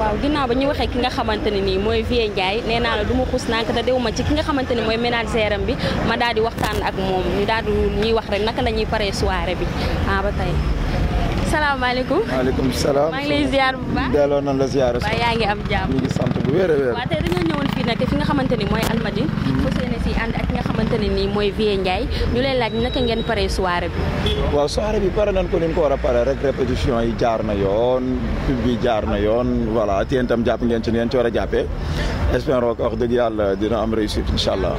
waaw ginnaaw ba ñu waxee ki nga xamante ne nii mooy Vieux Ndiaye nee naa la du ma xuus nànk te dew ma ci ki nga xamante ne mooy ménagère bi ma daal di waxtaan ak moom ñu daal di ñuy wax rek naka la ñuy paree soirée bi ah ba tey salaamaaleykum. maaleykum salaam. maa ngi lay ziar bu baax. delloo yaa ngi am jàmm. sant bu wéer a wéer. ni mooy Almadies. Mhm. fas mooy Vieux Ndiaye ñu leen ngeen paree soirée bi. waaw bi pare nañ ko ko war a pare rek répétition yi jaar na yoon jaar na yoon voilà te yéen itam jàpp ngeen ci ngeen ci war a jàppee. espérons que wax dëgg yàlla dina am réussite incha allah.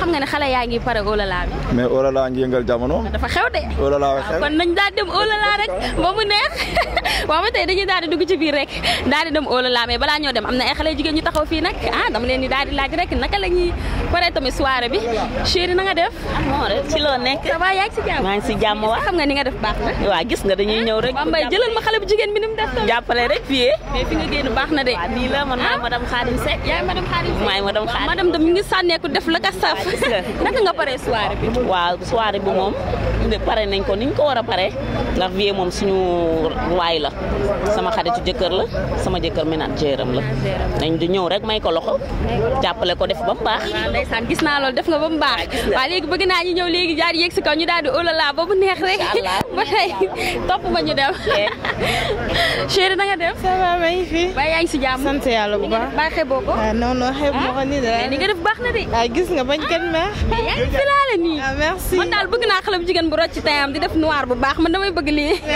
xam nga ne yaa ngi pare olala bi. mais jamono. dafa xew de. kon nañ daa dem olala rek. ba mu neex wa ma tay dañu daal di dugg ci biir rek daal di dem óolu oh laamee bala ñoo dem amna ay xalé jigeen ñu taxaw fi nak ah dama leen di daal di laaj rek naka la ñuy paree tamit soirée bi chéri na nga def ah, ci loo nekk ça va yaa ngi si jàmm maa ngi si jàmm waa xam nga ni nga def baax na wa gis nga dañuy ñew rek mbay jëlal ma xalé bu jigeen bi nim def tam jàppale rek fi mais fi nga génn baax na dé waaw nii la man maa ah? madame Khadim Seck yaay madam Khadim may madam Khadim madam dem mi sané ko def la ka saf naka nga paré soirée bi wa soirée bi moom paré nañ ko niñ ko wara paré pare ndax vie moom moom suñu waay la sama xarit ci jëkkër la sama jëkkër ménagère am la dañ di ñëw rek may ko loxo jàppale ko def ba mu baax waaw ah, ndeysaan gis naa loolu def nga ba mu baax waaw léegi bëgg naa ñu ñëw léegi jaar yéeg si kaw ñu daal di olala oh ba mu neex rek ba tey topp ma ñu dem chéri na nga def ça va may fi ba yaa ngi si jàmm sant yàlla bu baax baaxee boo ko ah, non non xeeb ma ko ni dara ah, ni nga def baax na de waaw gis nga bañ kenn ma yaa ngi fi laa la nii merci man daal bëgg naa xalam bu jigéen bu rocc tayam di def noir bu baax man damay bëgg lii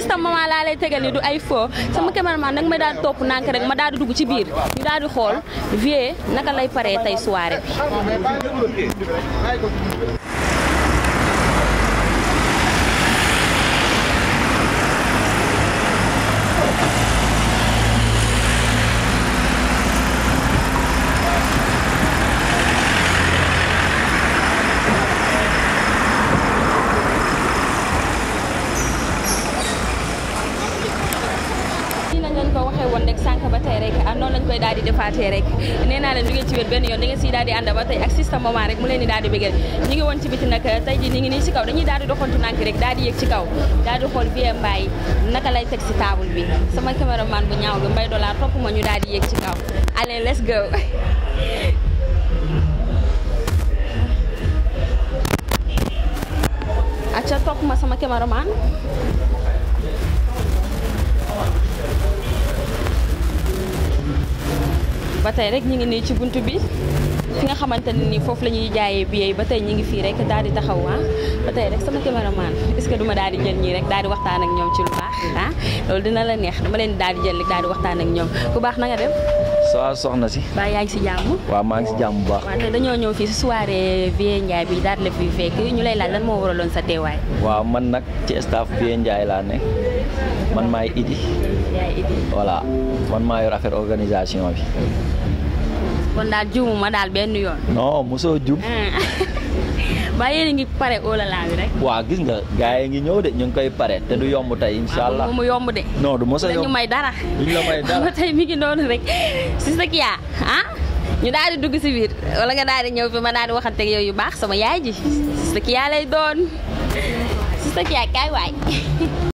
sista maman laa lay tegal ni du ay fo sama cameraman nag ma daal di topp nànk rek ma daal di dugg ci biir ñu daal di xool vie naka lay paree tey soirée bi defee rek ah, noonu lañ koy daal di defaatee rek neenaa naa leen du ngeen ci wér benn yoon da ngeen siy daal di ànd ba tey ak sista moment rek mu leen di daal di bëggeel ñi ngi woon ci biti nag tey ji ñi ngi nii si kaw dañuy daal di doxantu nànk rek daal di yéeg ci kaw daal di xool vie mbaay naka lay teg si table bi sama caméraman bu ñaaw bi mbay dollar topp ma ñu daal di yéeg ci kaw allez let's go acca topp ma sama man ba tey rek ñu ngi nii ci bunt bi fi nga xamante ne nii foofu la ñuy jaayee billet ba tey ñu ngi fii rek daal di taxaw ah ba tey rek sama caméraman est-ce que du daal di jël ñii rek daal di waxtaan ak ñoom ci lu baax ah. loolu dina la neex dama leen daal di jël rek daal di waxtaan ak ñoom ku baax na nga dem. saa soxna si. waaw yaa ngi si jàmm. waa maa ngi si jàmm bu baax. dañoo ñëw fii si soirée Vieux Ndiaye bi daal la fi fekk ñu lay laal lan moo waraloon sa teewaay. waaw man nag ci staff Vieux Ndiaye laa ne man maay Idi. yaay Idi voilà man maa yor affaire organisation bi. kon daal juumu ma daal benn yoon. non mosoo jum. Ah. waaye yéen a ngi pare olala bi rek. waaw gis nga gars yi ngi ñëw de ñu ngi koy pare te du yomb tey incha allah mu yomb de. non du mos a yomb dañu may dara. duñu la may dara tey mi ngi noonu rek si sa ah, ah ñu daal di dugg si biir wala nga daal ñëw fi ma daal di waxante ak yow yu baax sama yaay ji si sa lay doon si sa ah, kaay waay.